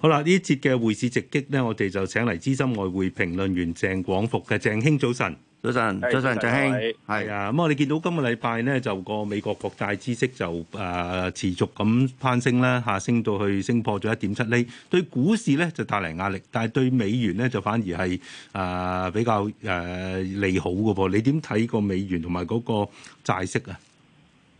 好啦，呢節嘅匯市直擊呢，我哋就請嚟資深外匯評論員鄭廣復嘅。鄭兄早晨，早晨，早晨，鄭兄卿，係啊。咁、嗯嗯嗯嗯、我哋見到今個禮拜呢，就個美國國債孳息就誒、呃、持續咁攀升啦，上升到去升破咗一點七厘，對股市呢，就帶嚟壓力，但係對美元呢，就反而係誒、呃、比較誒、呃、利好嘅噃。你點睇個美元同埋嗰個債息啊？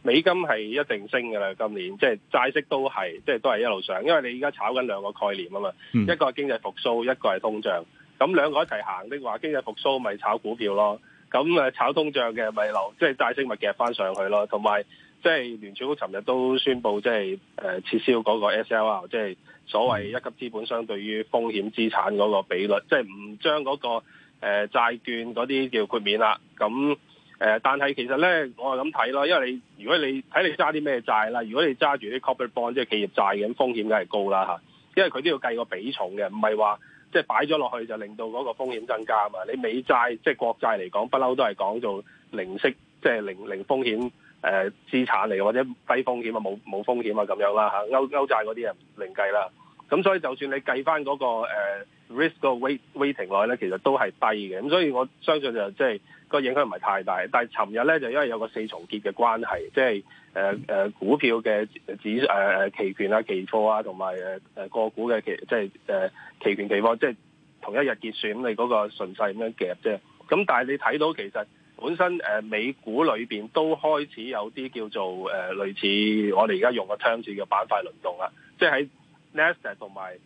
美金係一定升嘅啦，今年即係、就是、債息都係，即、就、係、是、都係一路上。因為你而家炒緊兩個概念啊嘛、嗯一，一個係經濟復甦，一個係通脹。咁兩個一齊行的，你話經濟復甦咪炒股票咯，咁誒炒通脹嘅咪留，即、就、係、是、債息咪夾翻上去咯。同埋即係聯儲局尋日都宣布，即係誒撤銷嗰個 SLR，即係所謂一級資本相對於風險資產嗰個比率，即係唔將嗰個誒、呃、債券嗰啲叫豁免啦。咁誒、呃，但係其實咧，我係咁睇啦。因為你如果你睇你揸啲咩債啦，如果你揸住啲 corporate bond，即係企業債嘅，風險梗係高啦嚇，因為佢都要計個比重嘅，唔係話即係擺咗落去就令到嗰個風險增加啊嘛。你美債即係國債嚟講，不嬲都係講做零息，即、就、係、是、零零風險誒、呃、資產嚟，嘅，或者低風險啊，冇冇風險啊咁樣啦嚇。歐歐債嗰啲啊，另計啦。咁所以就算你計翻嗰、那個、呃、risk 嗰 weighting 內咧，其實都係低嘅。咁所以我相信就是、即係。個影響唔係太大，但係尋日咧就因為有個四重結嘅關係，即係誒誒股票嘅指誒誒、呃、期權啊、期貨啊，同埋誒誒個股嘅期，即係誒、呃、期權期貨，即係同一日結算你嗰、那個順勢咁樣夾啫。咁但係你睇到其實本身誒、呃、美股裏邊都開始有啲叫做誒、呃、類似我哋而家用個 terms 嘅板塊輪動啊，即係喺 Nasdaq 同埋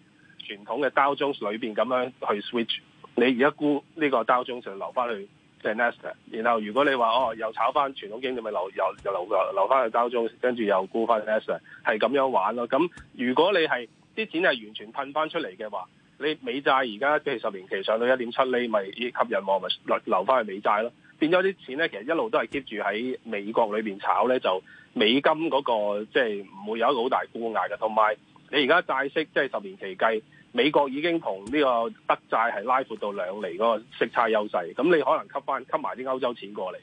傳統嘅 Dow Jones 裏邊咁樣去 switch。你而家估呢個 Dow Jones 就留翻去？即係 Nestle，然後如果你話哦又炒翻傳統經濟你咪留又又，又留留翻去交租，跟住又沽翻 Nestle，係咁樣玩咯。咁如果你係啲錢係完全噴翻出嚟嘅話，你美債而家即係十年期上到一點七厘，咪依吸引我咪留留翻去美債咯。變咗啲錢咧，其實一路都係 keep 住喺美國裏邊炒咧，就美金嗰、那個即係唔會有一個好大估壓嘅。同埋你而家債息即係十年期計。美國已經同呢個德債係拉闊到兩厘嗰個息差優勢，咁你可能吸翻吸埋啲歐洲錢過嚟，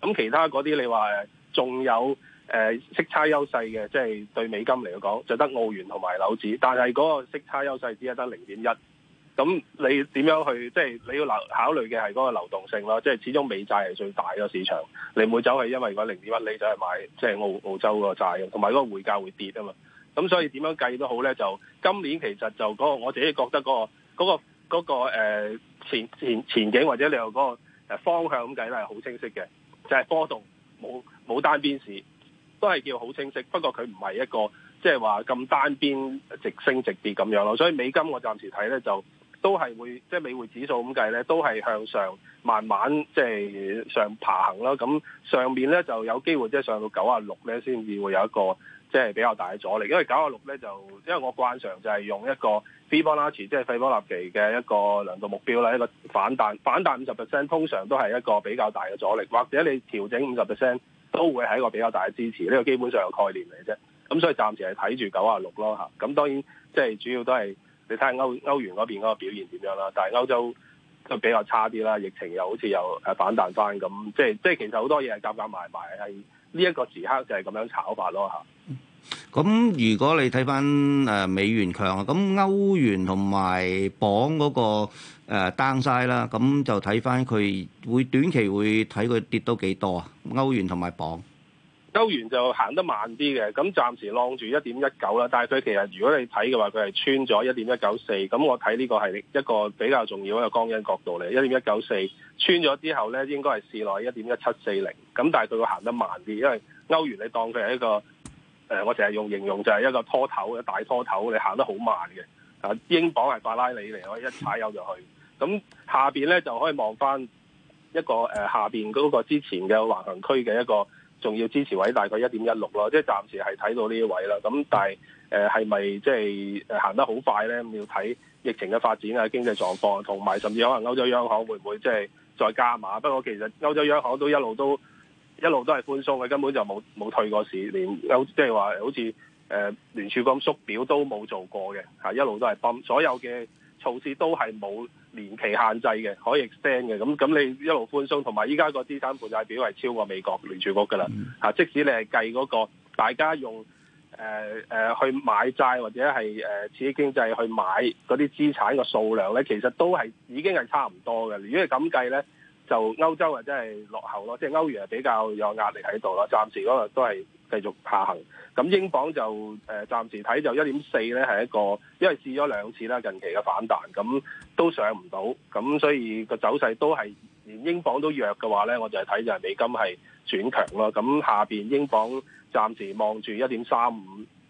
咁其他嗰啲你話仲有誒、呃、息差優勢嘅，即、就、係、是、對美金嚟講，就得澳元同埋紐紙，但係嗰個息差優勢只係得零點一，咁你點樣去即係、就是、你要流考慮嘅係嗰個流動性咯，即、就、係、是、始終美債係最大個市場，你唔會走係因為個零點一，你就係買即係、就是、澳澳洲債個債同埋嗰個匯價會跌啊嘛。咁所以點樣計都好咧，就今年其實就嗰個我自己覺得嗰個嗰個嗰個呃、前前前景或者你話嗰個方向咁計咧，係好清晰嘅，就係、係、波動冇冇單邊市，都係叫好清晰。不過佢唔係一個即係話咁單邊直升直跌咁樣咯。所以美金我暫時睇咧就都係會即係、即係、美匯指數咁計咧，都係向上慢慢即係、即係、上爬行咯。咁上面咧就有機會即係上到九啊六咧，先至會有一個，即係比較大嘅阻力，因為九啊六咧就，因為我慣常就係用一個菲波那切，即係費波納奇嘅一個量度目標啦，一個反彈，反彈五十 percent 通常都係一個比較大嘅阻力，或者你調整五十 percent 都會係一個比較大嘅支持，呢、呢個基本上嘅概念嚟啫。咁所以暫時係睇住九啊六咯嚇。咁當然即係、即係、主要都係你睇下歐歐元嗰邊嗰個表現點樣啦。但係歐洲就比較差啲啦，疫情又好似又誒反彈翻咁，即係即係其實好多嘢係夾夾埋埋係。呢一個時刻就係咁樣炒法咯嚇。咁、嗯、如果你睇返誒美元強，咁歐元同埋鎊嗰個誒 down 曬啦，咁就睇返佢會短期會睇佢跌到幾多啊？歐元同埋鎊。歐元就行得慢啲嘅，咁暫時晾住一點一九啦。但係佢其實如果你睇嘅話，佢係穿咗一點一九四。咁我睇呢個係一個比較重要一個光陰角度嚟。一點一九四穿咗之後呢，應該係試耐一點一七四零。咁但係佢會行得慢啲，因為歐元你當佢係一個誒、呃，我成日用形容就係一個拖頭，嘅大拖頭，你行得好慢嘅。啊，英鎊係法拉利嚟，我一踩油就去。咁下邊呢，就可以望翻一個誒、呃、下邊嗰個之前嘅橫行區嘅一個。仲要支持位大概一點一六咯，即係暫時係睇到呢一位啦。咁但係，誒、呃，係咪即係行得好快咧？要睇疫情嘅發展啊，經濟狀況同埋甚至可能歐洲央行會唔會即係再加碼。不過其實歐洲央行都一路都一路都係寬鬆嘅，根本就冇冇退過市。連歐即係話好似誒聯儲局縮表都冇做過嘅，吓，一路都係泵，所有嘅措施都係冇。年期限制嘅，可以 extend 嘅，咁咁你一路寬鬆，同埋依家個資產負債表係超過美國聯儲局噶啦，嚇、mm！Hmm. 即使你係計嗰個大家用誒誒、呃呃、去買債或者係誒、呃、刺激經濟去買嗰啲資產嘅數量咧，其實都係已經係差唔多嘅。如果係咁計咧，就歐洲啊真係落後咯，即係歐元係比較有壓力喺度咯。暫時嗰個都係，繼續下行，咁英鎊就誒、呃、暫時睇就一點四咧，係一個，因為試咗兩次啦，近期嘅反彈，咁都上唔到，咁所以個走勢都係連英鎊都弱嘅話咧，我就係睇就係美金係轉強咯。咁下邊英鎊暫時望住一點三五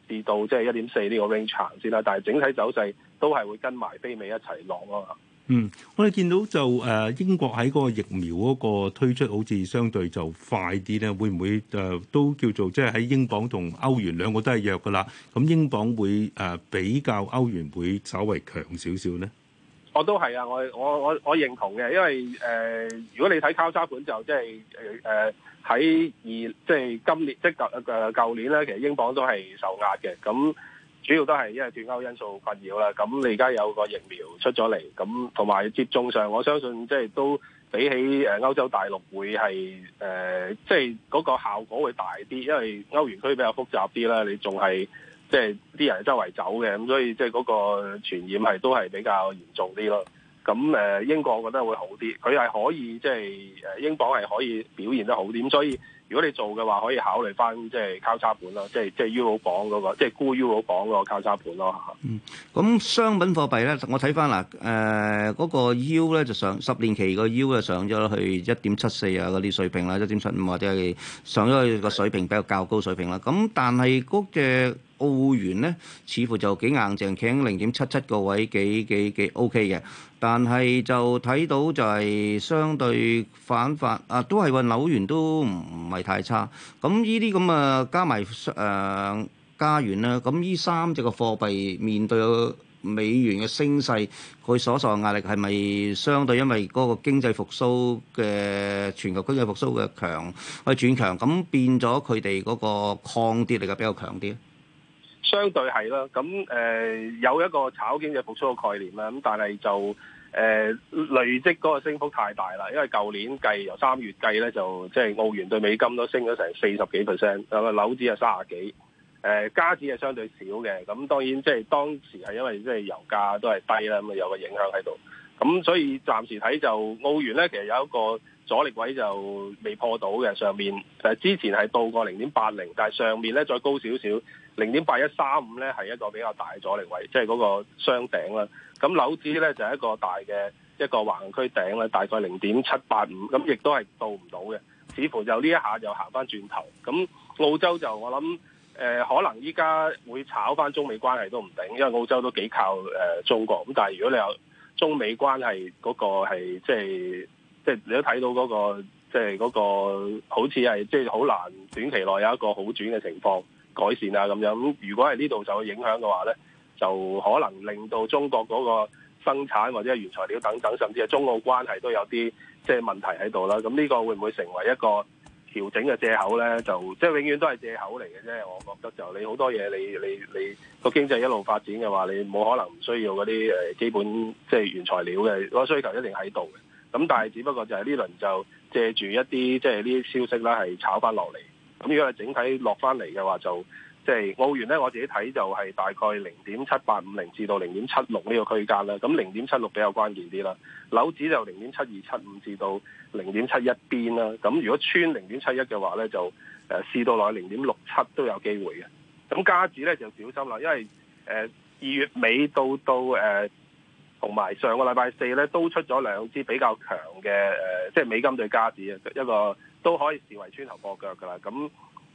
至到即係一點四呢個 range 行先啦，但係整體走勢都係會跟埋非美一齊落咯。嗯，我哋見到就誒英國喺嗰個疫苗嗰個推出，好似相對就快啲呢，會唔會誒都叫做即係喺英鎊同歐元兩個都係弱㗎喇？咁英鎊會誒比較歐元會稍為強少少呢？我都係啊，我我我我認同嘅，因為誒如果你睇交叉盤就即係誒誒喺二即係今年即係舊誒舊年呢，其實英鎊都係受壓嘅咁。主要都係因為脫歐因素困擾啦，咁你而家有個疫苗出咗嚟，咁同埋接種上，我相信即係都比起誒歐洲大陸會係誒，即係嗰個效果會大啲，因為歐元區比較複雜啲啦，你仲係即係啲人周圍走嘅，咁所以即係嗰個傳染係都係比較嚴重啲咯。咁誒、呃、英國我覺得會好啲，佢係可以即係誒英鎊係可以表現得好啲，咁，所以。如果你做嘅話，可以考慮翻即係交、那個、交叉盤咯，即係即係 UO 榜嗰個，即係沽 UO 榜嗰個交叉盤咯嚇。嗯，咁商品貨幣咧，我睇翻嗱，誒、呃、嗰、那個 Yield 咧就上十年期個 Yield 咧上咗去一點七四啊嗰啲水平啦，一點七五或者上咗去個水平比較較高水平啦。咁但係嗰隻。澳元咧，似乎就幾硬淨，企喺零點七七個位，幾幾幾 O K 嘅。但係就睇到就係相對反法，啊，都係話紐元都唔係太差。咁呢啲咁啊，加埋誒、呃、加元啦。咁、嗯、呢三隻個貨幣面對美元嘅升勢，佢所受嘅壓力係咪相對？因為嗰個經濟復甦嘅全球經濟復甦嘅強去轉強，咁、呃、變咗佢哋嗰個抗跌力嘅比較強啲。相對係啦，咁誒、呃、有一個炒經濟復甦嘅概念啦，咁但係就誒、呃、累積嗰個升幅太大啦，因為舊年計由三月計咧，就即係、就是、澳元對美金都升咗成四十幾 percent，有個樓指係三十幾，誒加指係相對少嘅，咁當然即係、就是、當時係因為即係、就是、油價都係低啦，咁有個影響喺度。咁所以暫時睇就澳元咧，其實有一個阻力位就未破到嘅上面，但之前係到過零點八零，但係上面咧再高少少。零點八一三五咧係一個比較大阻力位，即係嗰個雙頂啦。咁樓子咧就係、一個大嘅一個橫行區頂，大概零點七八五，咁亦都係到唔到嘅。似乎就呢一下就行翻轉頭。咁澳洲就我諗誒、呃，可能依家會炒翻中美關係都唔定，因為澳洲都幾靠誒、呃、中國。咁但係如果你有中美關係嗰、個係即係即係你都睇到嗰、個即係嗰個好似係即係好難短期內有一個好轉嘅情況。改善啊咁樣，如果係呢度受影響嘅話咧，就可能令到中國嗰個生產或者係原材料等等，甚至係中澳關係都有啲即係問題喺度啦。咁、這、呢個會唔會成為一個調整嘅借口咧？就即係永遠都係借口嚟嘅啫。我覺得就你好多嘢，你你你個經濟一路發展嘅話，你冇可能唔需要嗰啲誒基本即係原材料嘅嗰個需求一定喺度嘅。咁但係只不過就係呢輪就借住一啲即係呢啲消息啦，係炒翻落嚟。咁如果係整體落翻嚟嘅話，就即係、就是、澳元咧，我自己睇就係大概零點七八五零至到零點七六呢個區間啦。咁零點七六比較關鍵啲啦。紐指就零點七二七五至到零點七一邊啦。咁如果穿零點七一嘅話咧，就誒試、呃、到落零點六七都有機會嘅。咁加指咧就小心啦，因為誒二、呃、月尾到到誒同埋上個禮拜四咧都出咗兩支比較強嘅誒，即係美金對加指啊，一個。都可以視為穿頭過腳㗎啦，咁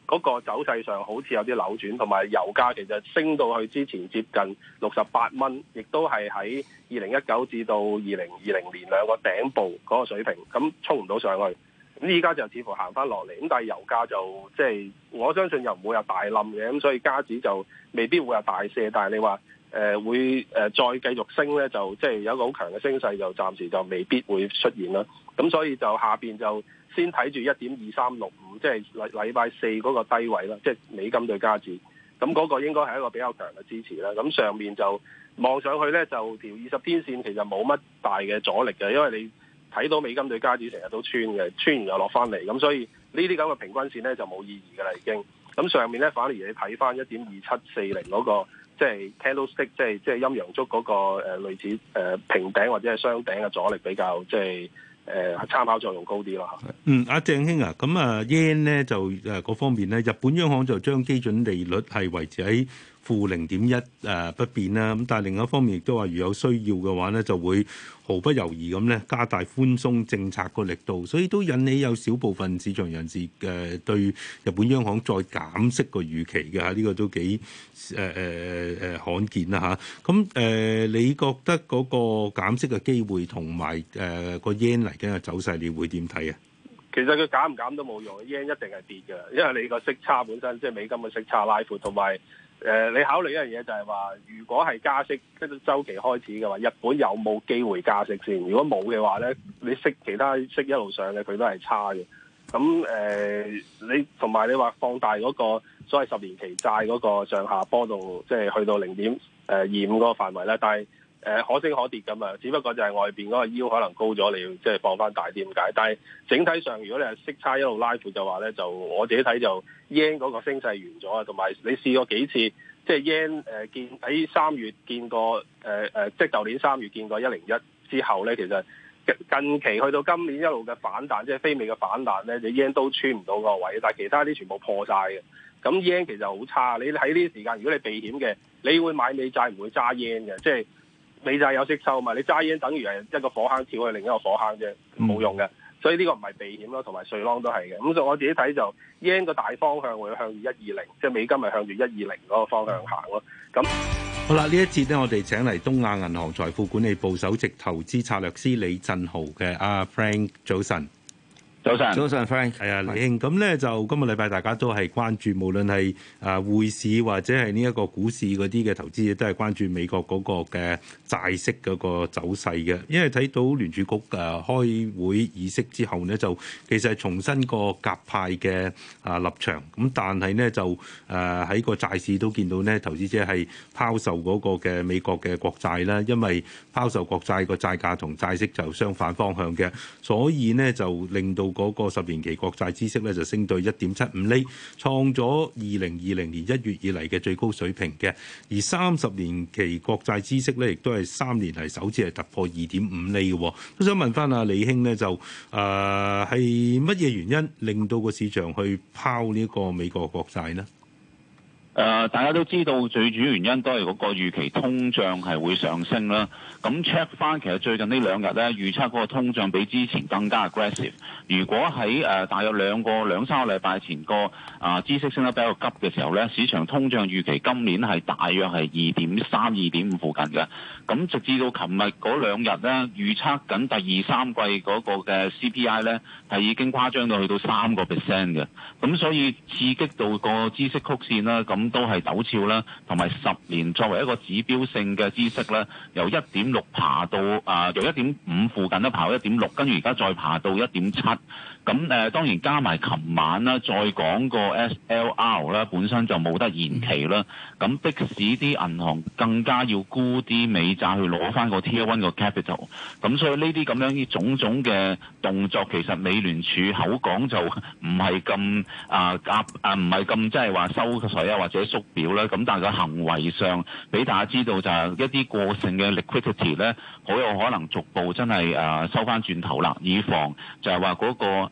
嗰個走勢上好似有啲扭轉，同埋油價其實升到去之前接近六十八蚊，亦都係喺二零一九至到二零二零年兩個頂部嗰個水平，咁衝唔到上去。咁依家就似乎行翻落嚟，咁但係油價就即係、就是、我相信又唔會有大冧嘅，咁所以加紙就未必會有大瀉。但係你話誒、呃、會誒再繼續升咧，就即係、就是、有一個好強嘅升勢，就暫時就未必會出現啦。咁所以就下邊就先睇住一點二三六五，即係禮禮拜四嗰個低位啦，即係美金對加指。咁嗰個應該係一個比較強嘅支持啦。咁上面就望上去咧，就條二十天線其實冇乜大嘅阻力嘅，因為你睇到美金對加指成日都穿嘅，穿完又落翻嚟。咁所以呢啲咁嘅平均線咧就冇意義嘅啦，已經咁上面咧反而你睇翻一點二七四零嗰個，即係 candlestick 即係即係陰陽燭嗰個誒類似誒平頂或者係雙頂嘅阻力比較即係。就是誒參考作用高啲咯嚇。嗯，阿、啊、鄭兄啊，咁啊 yen 呢就誒嗰、啊、方面咧，日本央行就將基準利率係維持喺負零點一誒不變啦，咁但係另一方面亦都話，如有需要嘅話咧，就會毫不猶豫咁咧加大寬鬆政策個力度，所以都引起有少部分市場人士嘅對日本央行再減息個預期嘅嚇，呢、這個都幾誒誒誒誒罕見啦嚇。咁、啊、誒、呃，你覺得嗰個減息嘅機會同埋誒個 yen 嚟緊嘅走勢，你會點睇啊？其實佢減唔減都冇用，yen 一定係跌㗎，因為你個息差本身即係美金嘅息差拉闊同埋。誒、呃，你考慮一樣嘢就係話，如果係加息，跟住周期開始嘅話，日本有冇機會加息先？如果冇嘅話咧，你息其他息一路上嘅佢都係差嘅。咁誒、呃，你同埋你話放大嗰、那個所謂十年期債嗰個上下波度，即、就、係、是、去到零點誒二五嗰個範圍咧，但係。誒可升可跌咁啊，只不過就係外邊嗰個腰可能高咗，你要即係放翻大啲咁解？但係整體上，如果你係息差一路拉闊嘅話咧，就我自己睇就 yen 嗰個升勢完咗啊。同埋你試過幾次，即係 yen 誒見喺三月見過誒誒、呃，即係舊年三月見過一零一之後咧，其實近期去到今年一路嘅反彈，即係非美嘅反彈咧，就 yen 都穿唔到個位，但係其他啲全部破晒嘅。咁 yen 其實好差，你喺呢啲時間，如果你避險嘅，你會買美債唔會揸 yen 嘅，即係。你就有息收嘛？你揸煙等於係一個火坑，跳去另一個火坑啫，冇用嘅。所以呢個唔係避險咯，同埋瑞朗都係嘅。咁就我自己睇就，煙個大方向會向住一二零，即係美金咪向住一二零嗰個方向行咯。咁好啦，呢一節咧，我哋請嚟東亞銀行財富管理部首席投資策略師李振豪嘅阿 Frank，早晨。早晨，早晨，Frank。係啊，李兄。咁咧就今個禮拜，大家都係關注，無論係啊匯市或者係呢一個股市嗰啲嘅投資者，都係關注美國嗰個嘅債息嗰個走勢嘅。因為睇到聯儲局誒開會議息之後咧，就其實係重新個鴿派嘅啊立場。咁但係咧就誒喺個債市都見到咧，投資者係拋售嗰個嘅美國嘅國債啦。因為拋售國債個債價同債息就相反方向嘅，所以咧就令到。嗰個十年期國債孳息咧就升到一點七五厘，創咗二零二零年一月以嚟嘅最高水平嘅。而三十年期國債孳息咧，亦都係三年嚟首次係突破二點五厘嘅。都想問翻阿李兄咧，就誒係乜嘢原因令到個市場去拋呢個美國國債呢？誒、呃，大家都知道最主要原因都係嗰個預期通脹係會上升啦。咁 check 翻，其實最近兩呢兩日咧，預測嗰個通脹比之前更加 aggressive。如果喺誒、呃、大約兩個兩三個禮拜前，嗰個啊、呃、孳息升得比較急嘅時候呢，市場通脹預期今年係大約係二點三二點五附近嘅。咁直至到琴日嗰兩日呢，預測緊第二三季嗰個嘅 CPI 呢係已經誇張到去到三個 percent 嘅。咁所以刺激到個孳息曲線啦，咁。都係陡峭啦，同埋十年作為一個指標性嘅債息咧，由一點六爬到啊、呃，由一點五附近都爬到一點六，跟住而家再爬到一點七。咁誒當然加埋琴晚啦，再講個 SLR 啦，本身就冇得延期啦。咁迫使啲銀行更加要沽啲美債去攞翻個 T1 個 capital。咁、嗯、所以呢啲咁樣啲種種嘅動作，其實美聯儲口講就唔係咁啊，夾啊，唔係咁即係話收水啊，或者縮表啦。咁但係個行為上俾大家知道就係一啲過剩嘅 liquidity 咧，好有可能逐步真係啊，收翻轉頭啦，以防就係話嗰個。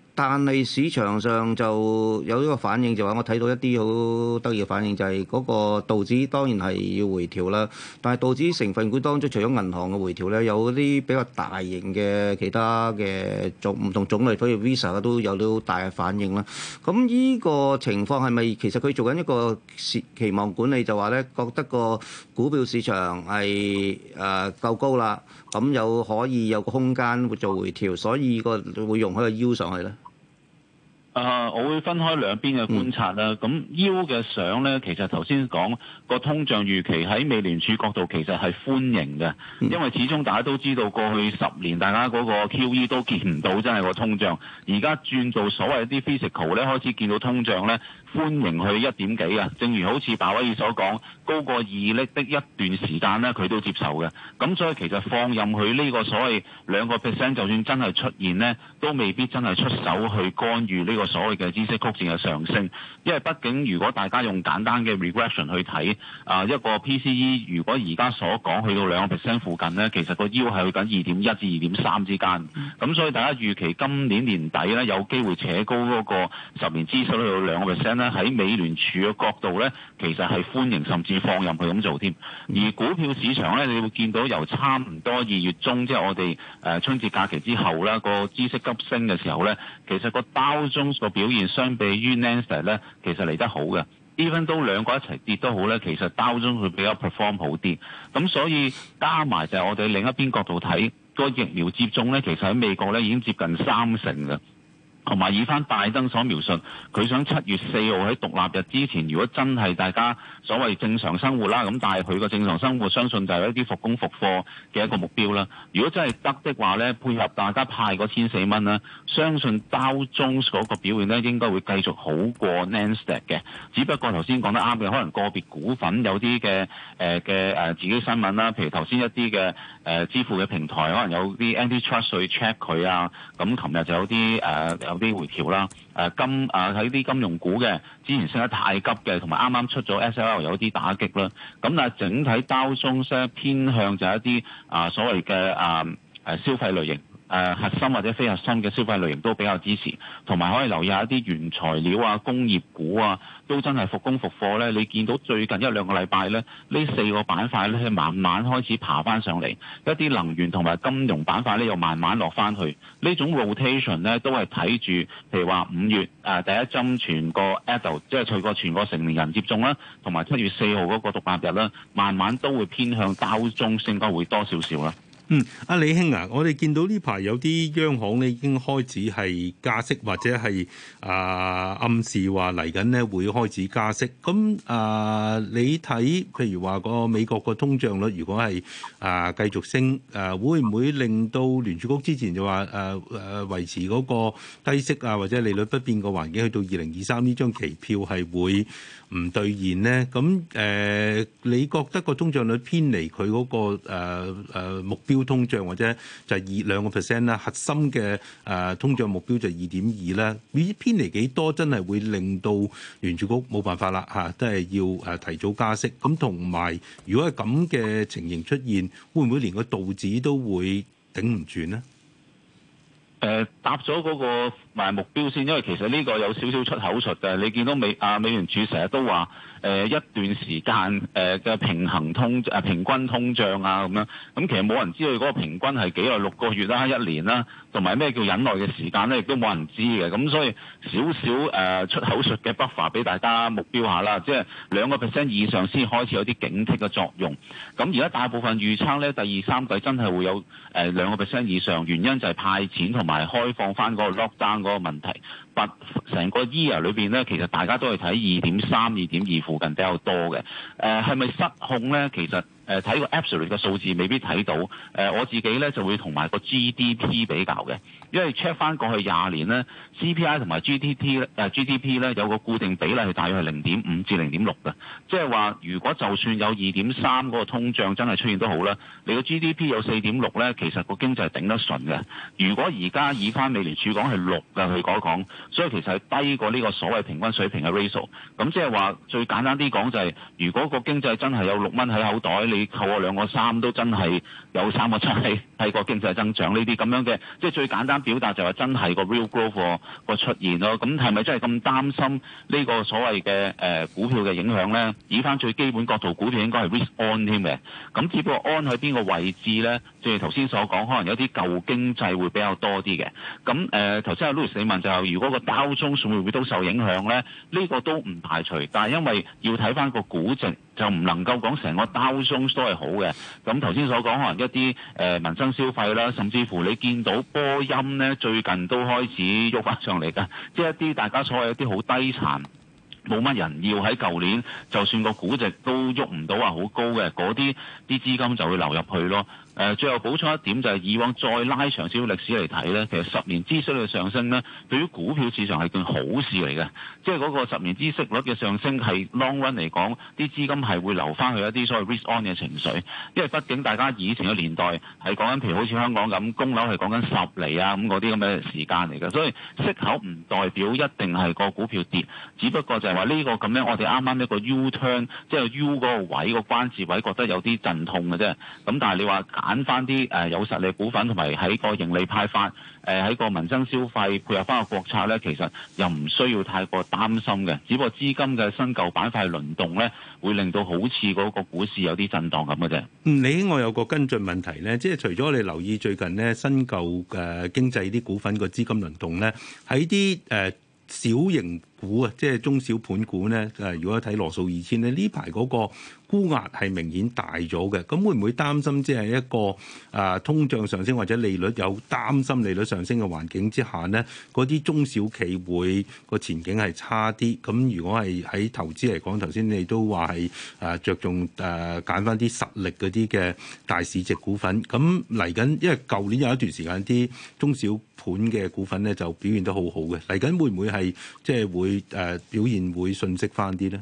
但係市場上就有一個反應，就話、是、我睇到一啲好得意嘅反應，就係、是、嗰個道指當然係要回調啦。但係道指成分股當中，除咗銀行嘅回調咧，有啲比較大型嘅其他嘅種唔同種類，所以 Visa 都有啲好大嘅反應啦。咁呢個情況係咪其實佢做緊一個期望管理，就話、是、咧覺得個股票市場係誒夠高啦？咁又可以有個空間會做回調，所以個會用喺個 U 上去咧。誒、啊，我會分開兩邊嘅觀察啦。咁 U 嘅相咧，其實頭先講個通脹預期喺美聯儲角度其實係歡迎嘅，嗯、因為始終大家都知道過去十年大家嗰個 QE 都見唔到真係個通脹，而家轉做所謂啲 physical 咧開始見到通脹咧。歡迎去一點幾啊！正如好似鮑威爾所講，高過二釐的一段時間呢，佢都接受嘅。咁所以其實放任佢呢個所謂兩個 percent，就算真係出現呢，都未必真係出手去干預呢個所謂嘅孳息曲線嘅上升。因為畢竟如果大家用簡單嘅 regression 去睇啊，一個 PCE 如果而家所講去到兩個 percent 附近呢，其實個 yield 係去緊二點一至二點三之間。咁所以大家預期今年年底呢，有機會扯高嗰個十年孳息去到兩個 percent。喺美聯儲嘅角度呢，其實係歡迎甚至放任佢咁做添。而股票市場呢，你會見到由差唔多二月中，即係我哋誒春節假期之後啦，個知識急升嘅時候呢，其實個包中個表現相比於納斯達呢，其實嚟得好嘅。Even 都兩個一齊跌都好呢，其實包中佢比較 perform 好啲。咁所以加埋就係我哋另一邊角度睇，個疫苗接種呢，其實喺美國呢已經接近三成嘅。同埋以翻拜登所描述，佢想七月四號喺獨立日之前，如果真係大家所謂正常生活啦，咁但係佢個正常生活相信就係一啲復工復課嘅一個目標啦。如果真係得的話呢，配合大家派嗰千四蚊啦，相信道指嗰個表現呢，應該會繼續好過 Nasdaq 嘅。只不過頭先講得啱嘅，可能個別股份有啲嘅誒嘅誒自己新聞啦，譬如頭先一啲嘅。誒、呃、支付嘅平台可能有啲 anti trust 去 check 佢啊，咁琴日就有啲誒、呃、有啲回調啦。誒、呃、金啊喺啲金融股嘅之前升得太急嘅，同埋啱啱出咗 SLR 有啲打擊啦。咁、嗯、啊，但整體交中先偏向就一啲啊、呃、所謂嘅啊誒消費類型。啊、核心或者非核心嘅消費類型都比較支持，同埋可以留意下一啲原材料啊、工業股啊，都真係復工復貨呢，你見到最近一兩個禮拜呢，呢四個板塊咧，慢慢開始爬翻上嚟，一啲能源同埋金融板塊呢，又慢慢落翻去。呢種 rotation 呢，都係睇住，譬如話五月誒、啊、第一針全個 adult，即係全個成年人接種啦，同埋七月四號嗰個獨立日啦，慢慢都會偏向包中性，應該會多少少啦。嗯，阿李兄啊，我哋見到呢排有啲央行咧已經開始係加息，或者係啊、呃、暗示話嚟緊咧會開始加息。咁啊、呃，你睇譬如話個美國個通脹率如果係啊、呃、繼續升，啊、呃、會唔會令到聯儲局之前就話誒誒維持嗰個低息啊或者利率不變個環境，去到二零二三呢張期票係會唔兌現咧？咁誒、呃，你覺得個通脹率偏離佢嗰個誒誒、呃、目標。通脹或者就係二兩個 percent 啦，核心嘅，誒通脹目標就係二點二啦。你偏離幾多，真係會令到聯儲局冇辦法啦吓，都係要誒提早加息。咁同埋，如果係咁嘅情形出現，會唔會連個道指都會頂唔住呢？誒、呃，答咗嗰個埋目標先，因為其實呢個有少少出口術嘅。你見到美阿、啊、美聯儲成日都話。誒、呃、一段時間誒嘅平衡通誒、呃、平均通脹啊咁樣。咁、啊、其實冇人知道嗰個平均係幾耐，六個月啦，一年啦。啊同埋咩叫忍耐嘅時間呢？亦都冇人知嘅。咁所以少少誒出口術嘅 buffer 俾大家目標下啦，即係兩個 percent 以上先開始有啲警惕嘅作用。咁而家大部分預測呢，第二三季真係會有誒兩個 percent 以上。原因就係派錢同埋開放翻個 lockdown 嗰個問題。But，成個 year 裏邊呢，其實大家都係睇二點三、二點二附近比較多嘅。誒係咪失控呢？其實。誒，睇個 absolute 嘅數字未必睇到，誒、呃，我自己咧，就會同埋個 GDP 比較嘅。因為 check 翻過去廿年呢，CPI 同埋 GDP 咧，誒，GDP 咧有個固定比例係大約係零點五至零點六嘅，即係話如果就算有二點三嗰個通脹真係出現都好啦，你個 GDP 有四點六咧，其實個經濟係頂得順嘅。如果而家以翻美聯儲講係六嘅佢講，所以其實係低過呢個所謂平均水平嘅 ratio。咁即係話最簡單啲講就係、是，如果個經濟真係有六蚊喺口袋，你扣我兩個三都真係有三個七，係低過經濟增長呢啲咁樣嘅，即係最簡單。表達就話真係個 real growth 個出現咯，咁係咪真係咁擔心呢個所謂嘅誒、呃、股票嘅影響呢？以翻最基本角度，股票應該係 risk on 添嘅，咁只不過 on 喺邊個位置呢？即係頭先所講，可能有啲舊經濟會比較多啲嘅。咁、嗯、誒，頭先阿 Lucy 問就係如果個交通會唔會都受影響呢？呢、呢個都唔排除，但係因為要睇翻個估值。就唔能夠講成個道瓊斯都係好嘅，咁頭先所講可能一啲誒、呃、民生消費啦，甚至乎你見到波音呢，最近都開始喐翻上嚟㗎，即、就、係、是、一啲大家所謂一啲好低殘，冇乜人要喺舊年，就算個估值都喐唔到話好高嘅，嗰啲啲資金就會流入去咯。誒，最後補充一點就係以往再拉長少少歷史嚟睇呢。其實十年孳息率上升呢，對於股票市場係件好事嚟嘅。即係嗰個十年孳息率嘅上升係 long run 嚟講，啲資金係會留翻去一啲所謂 risk on 嘅情緒。因為畢竟大家以前嘅年代係講緊，譬如好似香港咁供樓係講緊十厘啊，咁嗰啲咁嘅時間嚟嘅，所以息口唔代表一定係個股票跌，只不過就係話呢個咁樣，我哋啱啱一個 U turn，即係 U 嗰個位、個關節位覺得有啲陣痛嘅啫。咁但係你話，揀翻啲誒有實力股份，同埋喺個盈利派發，誒喺個民生消費配合翻個國策咧，其實又唔需要太過擔心嘅。只不過資金嘅新舊板塊輪動咧，會令到好似嗰個股市有啲震盪咁嘅啫。嗯，你我有個跟進問題咧，即係除咗你留意最近呢新舊誒經濟啲股份個資金輪動咧，喺啲誒小型股啊，即係中小盤股咧，誒，如果睇羅素二千咧，呢排嗰個沽壓係明顯大咗嘅，咁會唔會擔心即係一個誒通脹上升或者利率有擔心利率上升嘅環境之下咧，嗰啲中小企會個前景係差啲？咁如果係喺投資嚟講，頭先你都話係誒着重誒揀返啲實力嗰啲嘅大市值股份，咁嚟緊因為舊年有一段時間啲中小盤嘅股份咧就表現得好好嘅，嚟緊會唔會係即係會？誒表現會遜色翻啲呢？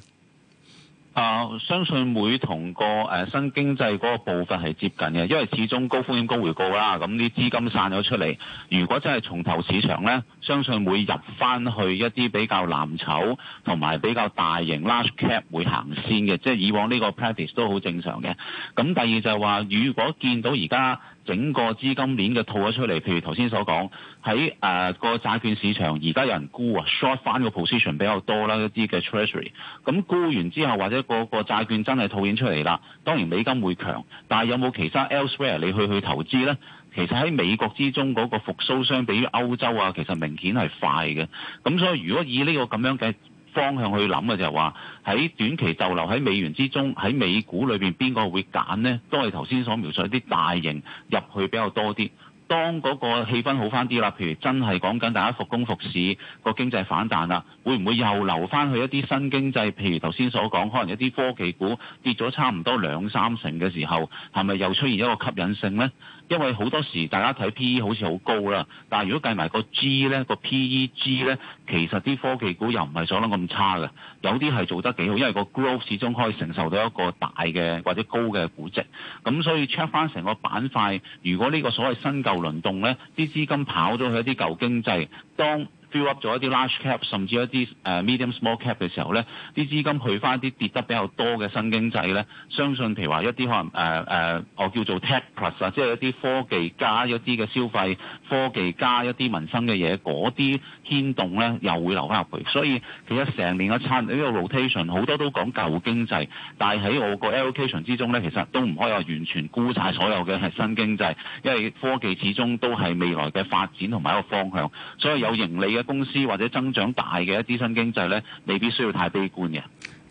啊、呃，相信會同個誒、呃、新經濟嗰個部分係接近嘅，因為始終高風險高回報啦。咁啲資金散咗出嚟，如果真係重投市場呢，相信會入翻去一啲比較藍籌同埋比較大型 large cap 會行先嘅，即係以往呢個 practice 都好正常嘅。咁第二就係話，如果見到而家，整個資金鏈嘅套咗出嚟，譬如頭先所講，喺誒、呃、個債券市場而家有人沽啊，short 翻個 position 比較多啦，一啲嘅 treasury。咁沽完之後，或者個個債券真係套現出嚟啦，當然美金會強，但係有冇其他 elsewhere 你去去投資呢？其實喺美國之中嗰個復甦，相比於歐洲啊，其實明顯係快嘅。咁所以如果以呢個咁樣嘅，方向去諗嘅就係話，喺短期逗留喺美元之中，喺美股裏邊邊個會揀呢？都係頭先所描述一啲大型入去比較多啲。當嗰個氣氛好翻啲啦，譬如真係講緊大家復工復市，個經濟反彈啦，會唔會又留翻去一啲新經濟？譬如頭先所講，可能一啲科技股跌咗差唔多兩三成嘅時候，係咪又出現一個吸引性呢？因為好多時大家睇 PE 好似好高啦，但係如果計埋個 G 呢，個 PEG 呢，其實啲科技股又唔係做得咁差嘅，有啲係做得幾好，因為個 growth 始終可以承受到一個大嘅或者高嘅估值，咁所以 check 翻成個板塊，如果呢個所謂新舊輪動呢啲資金跑咗去一啲舊經濟，當 fill up 咗一啲 large cap 甚至一啲 medium small cap 嘅時候咧，啲資金去翻啲跌得比較多嘅新經濟咧，相信譬如話一啲可能誒誒、呃呃、我叫做 tech plus 啊，即係一啲科技加一啲嘅消費，科技加一啲民生嘅嘢，嗰啲牽動咧又會留翻入去。所以其實成年嘅撐呢個 rotation 好多都講舊經濟，但係喺我個 allocation 之中咧，其實都唔可以話完全估晒所有嘅係新經濟，因為科技始終都係未來嘅發展同埋一個方向，所以有盈利。公司或者增長大嘅一啲新經濟咧，未必需要太悲觀嘅。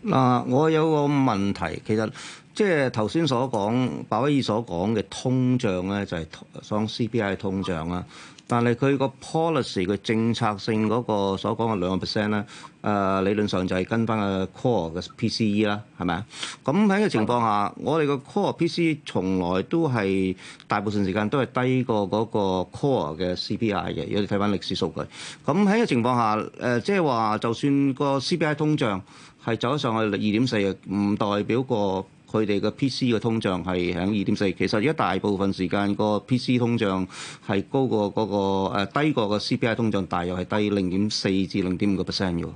嗱、呃，我有個問題，其實即係頭先所講，鮑威爾所講嘅通脹咧，就係上 CPI 通脹啦。但係佢個 policy 嘅政策性嗰個所講嘅兩個 percent 咧，誒、呃、理論上就係跟翻個 core 嘅 P C E 啦，係咪啊？咁喺個情況下，的我哋嘅 core P C E 從來都係大部分時間都係低過嗰個 core 嘅 C P I 嘅。如果你睇翻歷史數據。咁喺個情況下，誒、呃、即係話，就算個 C P I 通脹係走得上去二點四嘅，唔代表個。佢哋嘅 PC 嘅通脹係喺二點四，其實而家大部分時間個 PC 通脹係高過嗰、那個、呃、低過個 CPI 通脹大約，大約係低零點四至零點五個 percent 喎。誒、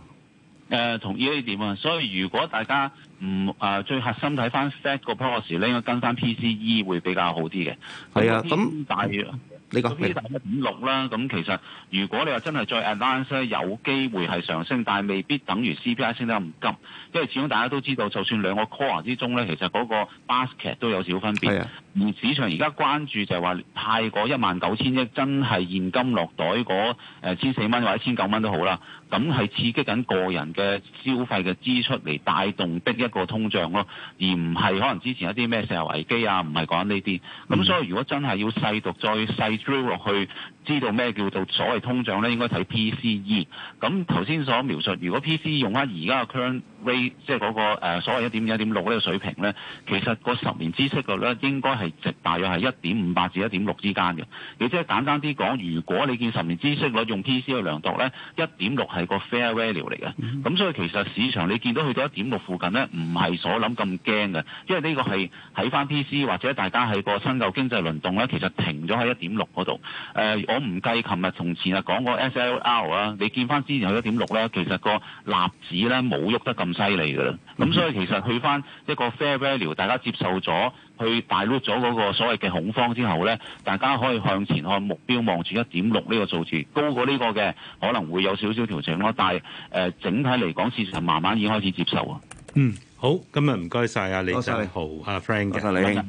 呃，同意呢點啊，所以如果大家唔誒、呃、最核心睇翻 set 個 price 呢，應該跟翻 PCE 會比較好啲嘅。係啊，咁大約。呢個係五點六啦，咁其實如果你話真係再 advance 咧， 有機會係上升，但係未必等於 CPI 升得咁急，因為始終大家都知道，就算兩個 core 之中咧，其實嗰個 basket 都有少少分別。而市場而家關注就係話派嗰一萬九千億，真係現金落袋嗰千四蚊或者千九蚊都好啦，咁係刺激緊個人嘅消費嘅支出嚟帶動逼一個通脹咯，而唔係可能之前一啲咩石油危機啊，唔係講呢啲。咁所以如果真係要細讀再細 drill 落去，知道咩叫做所謂通脹呢？應該睇 PCE。咁頭先所描述，如果 PCE 用翻而家嘅 Ray，即係嗰、那個、呃、所謂一點一點六呢個水平呢，其實個十年孳息率呢應該係值大約係一點五八至一點六之間嘅。你即係簡單啲講，如果你見十年孳息率用 P C 去量度呢，一點六係個 fair value 嚟嘅。咁所以其實市場你見到去到一點六附近呢，唔係所諗咁驚嘅，因為呢個係喺翻 P C 或者大家係個新舊經濟輪動呢，其實停咗喺一點六嗰度。誒、呃，我唔計琴日同前日講過 S L R 啊，你見翻之前去一點六呢，其實個臘指呢冇喐得咁。犀利噶啦，咁所以其實去翻一個 fair value，大家接受咗，去大 l 咗嗰個所謂嘅恐慌之後咧，大家可以向前看，目標望住一點六呢個數字，高過呢個嘅可能會有少少調整咯。但係誒，整體嚟講，市場慢慢已經開始接受啊。嗯，好，今日唔該晒啊，李振豪啊 Frank。